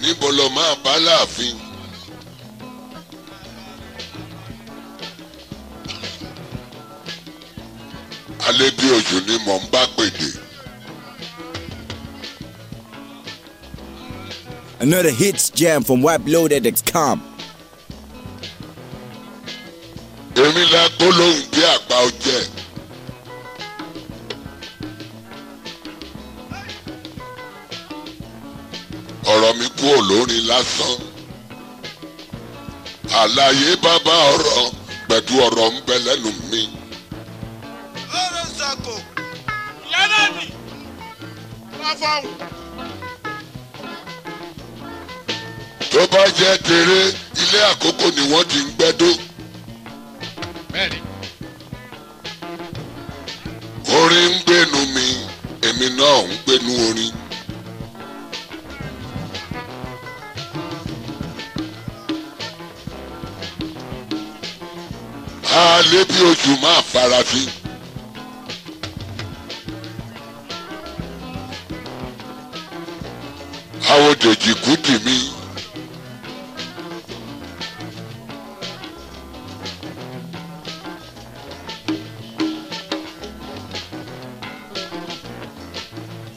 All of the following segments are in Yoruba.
níbo lọ máa bá láàfin. alẹ́ bí ojú ni mò ń bá pèdè. Another hits jam from WipeLoaded.com. èmi la gbólóhùn bí àgbà ọjẹ́. olórin lásán àlàyé bàbá ọ̀rọ̀ pẹ̀tù ọ̀rọ̀ ń bẹ lẹ́nu mi. ọ̀rọ̀ ṣàkó yálà ni wọ́n fọ́hùn. tó bá jẹ́ tèrè ilé àkókò ni wọ́n ti ń gbẹ́dó. bẹ́ẹ̀ni. orin ń gbénu mi èmi náà ń gbénu orin. tẹ̀lé bí ojú máa farafin. àwọn dèjì kú dì mí.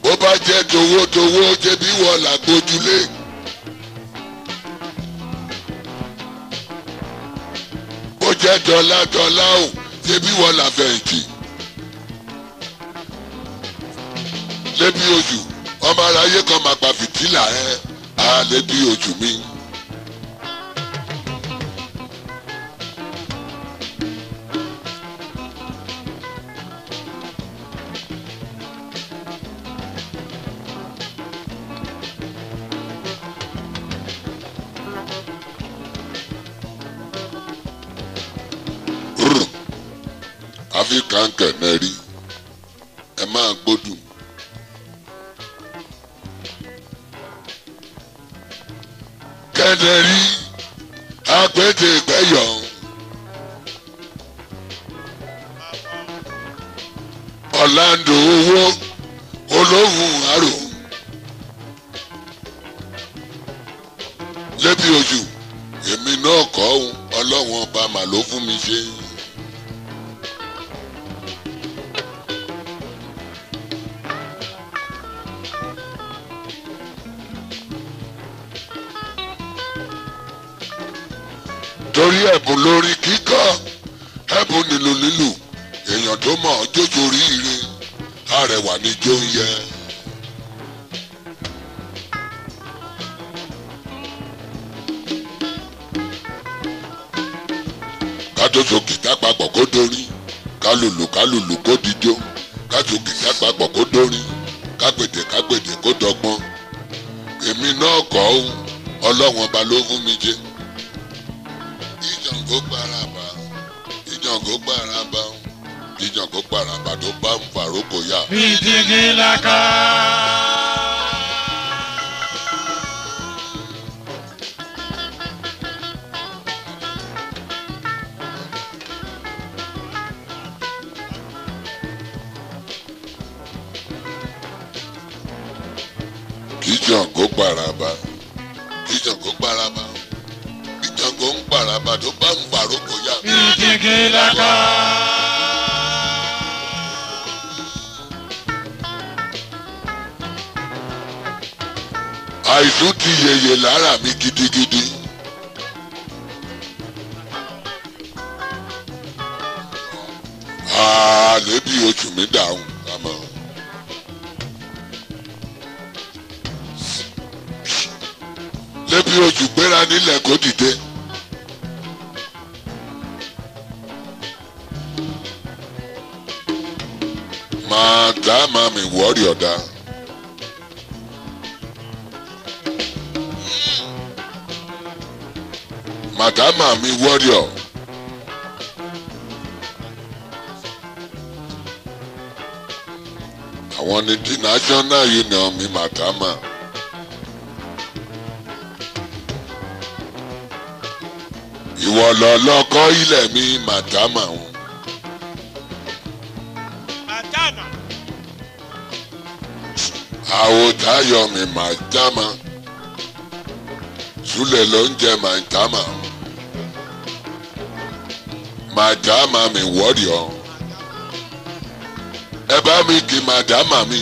bó bá jẹ́ towó towó jẹ́ bí wọ́n là gbójúlé. dọ́là dọ́là o ṣebí wọ́n là fẹ̀yìntì. lébi ojú ọmọ aráyé kan máa pa fìtílà ẹ àlébí ojú mi. áfíríkà ń kẹ̀mẹ́ rí ẹ máa gbódùn. kẹ́dẹ̀ rí apètè gbẹ̀yọ̀. ọ̀làǹdò owó olóhùn àrò. lẹ́bi ojú èmi náà kọ́ ọ́n ọlọ́run ọba màlúù fún mi ṣe é. ẹ̀bùn lórí kíkọ ẹ̀bùn nínú nínú èèyàn tó mọ̀ jójo ríire arẹwà ni jó ń yẹ. kájọsọ kìtà papọ̀ kó dorin kálùlù kálùlù kó dijó kájọ kìtà papọ̀ kó dorin kágbèdè kágbèdè kó dọgbọ́n èmi náà kọ́ ọ́ ọlọ́wọ́n ba ló fún mi jẹ́. Ìjàngó Gbàràbà Ìjàngó Gbàràbà Ìjàngó Gbàràbà tó bá ń farókò yá. bìtìgì làkà. ń pàrọ̀ kò yá. fìdíkì lẹ́ka. àìdùn ti yẹ̀yẹ̀ lára mi gidigidi. àlébí oṣù mi dáhùn àmọ́. lébí oṣù gbéra nílẹ̀ kó dìde. daa ma mi wọrị ọda ma daa ma mi wọrị ọ. àwọn ni di mi ma daa ma. ìwọ lọ lọkọ ilẹ̀ mi ma daa ìyàwó táyọ̀ mi máa jáma sulẹ̀ ló ń jẹ máa jáma máa jáma mi wọ́ọ̀rìọ́ ẹ bá mi kí máa jáma mi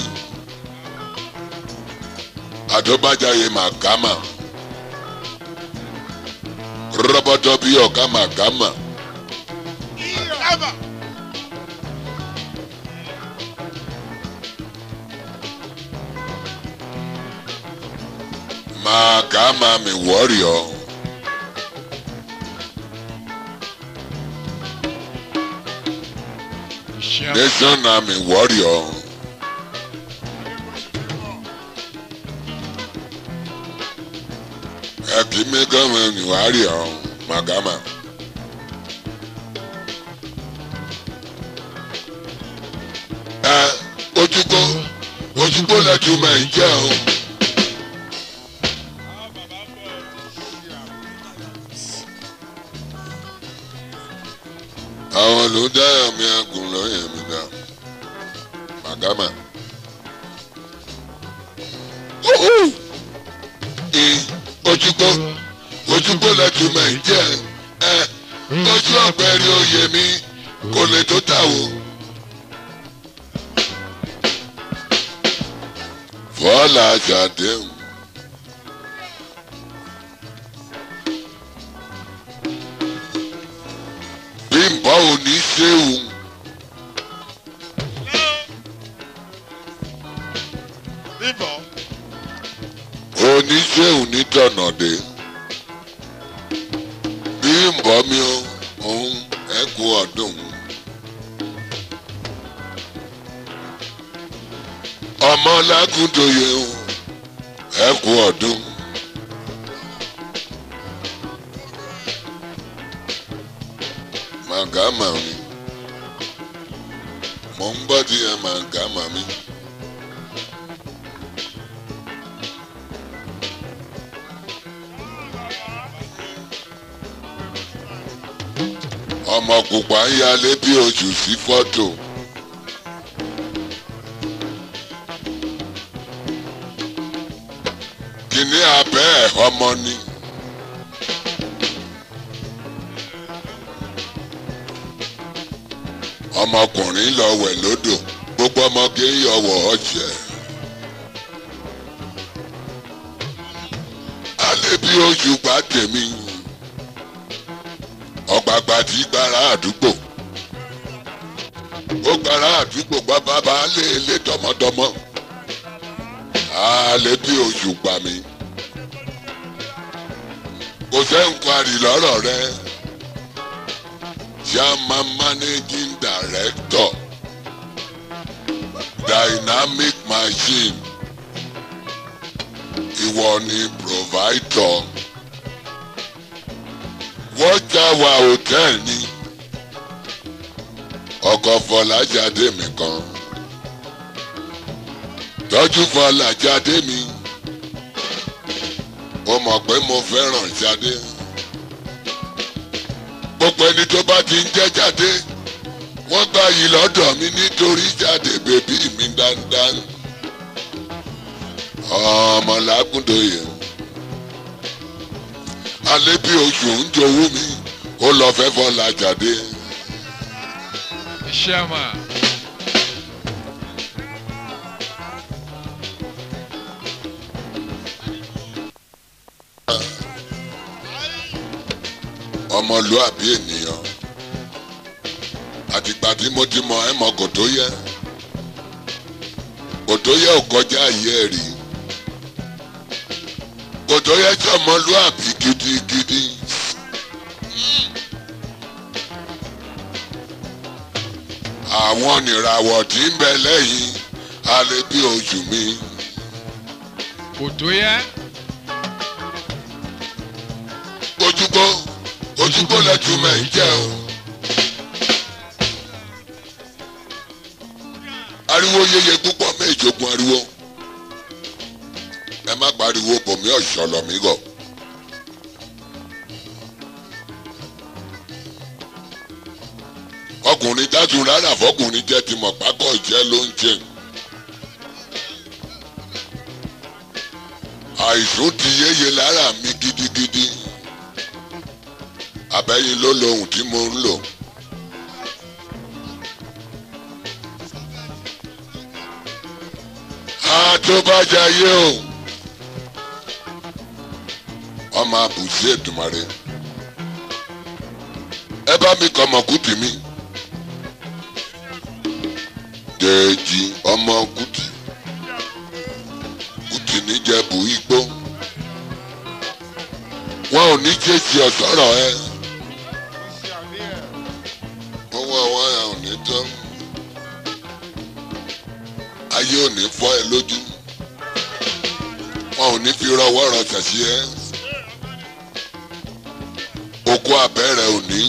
àdóbájáyé máa gáma rọ́bọ́dọ́ bí ọ̀gá máa gáma. ma kama mi warrior. Nation army warrior. Akimi government warrior Magama. Ẹ ojúkó ojúkó lẹ́jú máa ń jẹ́ o. ló dáyà mi agùn lọ́yẹ̀ mi dá màgámà. ojúgbó ojúgbó láti nàìjíríà ẹ ojú ọ̀gbẹ́rì oyè mi kò lè tó tà wò. fọ́ọ̀là àjàdéhùn. ò ní ṣéwù. oníṣéwù ní tọ̀nàdé bí ń bọ́ mi òun ẹ kú ọdún. ọmọ lákùntòyè ẹ kú ọdún. gàmà mi mò ń gbọ́dọ̀ yẹn mà gàmà mi. ọmọ pupa ń yalé bí oṣù sí fọ́tò. kìnìún abẹ́ ẹ̀ ọmọ ni. ọmọkùnrin lọ wẹ̀ lódò gbogbo ọmọge yọwọ́ ọ̀jẹ̀. alẹ́bí oṣù gbà tèmi ọ̀gbàgbà tí gbàrà àdúgbò ó gbàrà àdúgbò bàbá bá lé lé tọmọtọmọ alẹ́bí oṣù gbà mí kò sẹ́ńkwárì lọ́rọ̀ rẹ̀. Chairman Managing Director Dynamic Machine ìwọ ni provider Watchtower Hotel ni ọkọ Fọlájádé mi kan tọ́jú Fọlájádé mi ó mọ̀ pé mo fẹ́ràn Ṣadé gbogbo ẹni tó bá ti ń jẹ́ jáde wọ́n gbà yìí lọ́dọ̀ mi nítorí jáde bèbí mi dandan ọmọ làágùndòyè alẹ́ bí oṣù ń jowú mi ó lọ fẹ́ fọ́ la jáde. ṣé máa. ọmọlúàbí ènìyàn àtìgbà tí mo ti mọ ẹ mọ kò tó yẹ kò tó yẹ ò kọjá ayé rí kò tó yẹ tí ọmọlúàbí gidigidi. àwọn nìràwọ̀ tí ń bẹ lẹ́yìn alẹ́ bí ojú mi. kò tó yẹ. àdúgbò lẹ́tù mẹ́yìn jẹ́ o. ariwo yeye púpọ̀ méjìlógún ariwo ẹ má pariwo kò mí ọ̀ṣọ́ lọ́mí gọ̀. ọkùnrin dátun rárá fọkùnrin jẹ́ ti mọ̀ pákọ̀ jẹ́ ló ń jẹun. àìsùn ti yéye lára mi gidigidi àbẹ́yìn ló lo ohun tí mo ń lò. a tó bá jayé o ọmọ àbùsí Èdùmàrè ẹ bá mi kọ ọmọkùtì mi Dèjì ọmọkùtì kùtì níjẹ̀bù igbó wọn ò ní jẹ́sí ọ̀sọ́rọ̀ ẹ. Eh. tán ayé ò ní fọ́ ẹ lójú wọn ò ní fi rọwọ́ rọṣẹ̀ sí ẹ oko abẹ́rẹ́ ò kú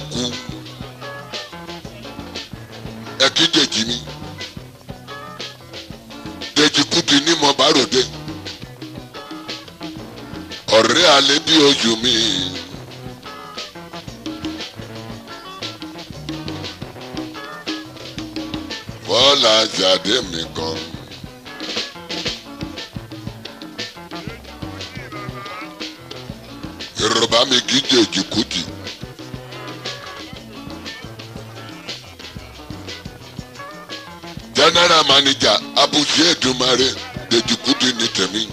ẹ kí dèjì mi dèjì kùtì ní mo bá ròde ọ̀rẹ́ àlébí ojú mi. lọ́la jáde mi gan. Yorùbá mi kì í jẹ èjìkújì. General manager Abuja Edumare Dèjìkújì ni tèmi.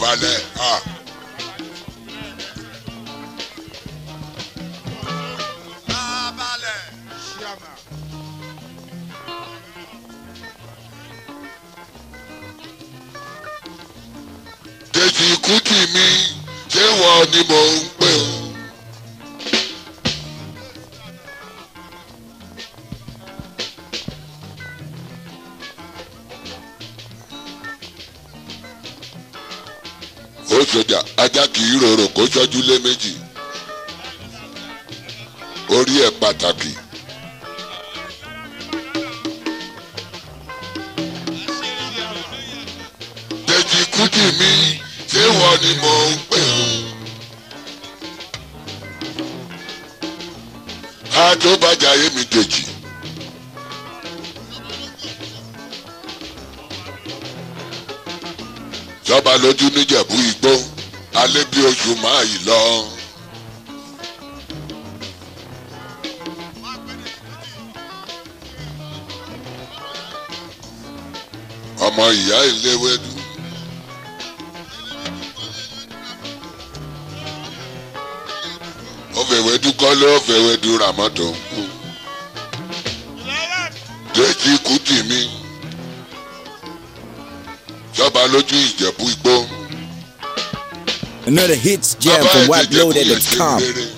balẹ̀. Ah. Tètè ikú tì mí, ṣé wọ́n ni mò ń. kì í rorò kó ṣọ́jú lé orí ẹ̀ pàtàkì. Dèjì Kúdì mi ṣé wọ́n ni mò ń pè ọ́. Àjọ bàjẹ́ ayé mi Dèjì. Jọba lójú níjẹ̀bú igbó alẹ́ bí oṣù máa yìí lọ. ọmọ ìyá ìléwédú. ó fèwédú kọ́lé ó fèwédú ràmọ́tò ń kú. déjì kùtì mi. jọba lójú ìjẹ̀bú igbó. Another hits jam from White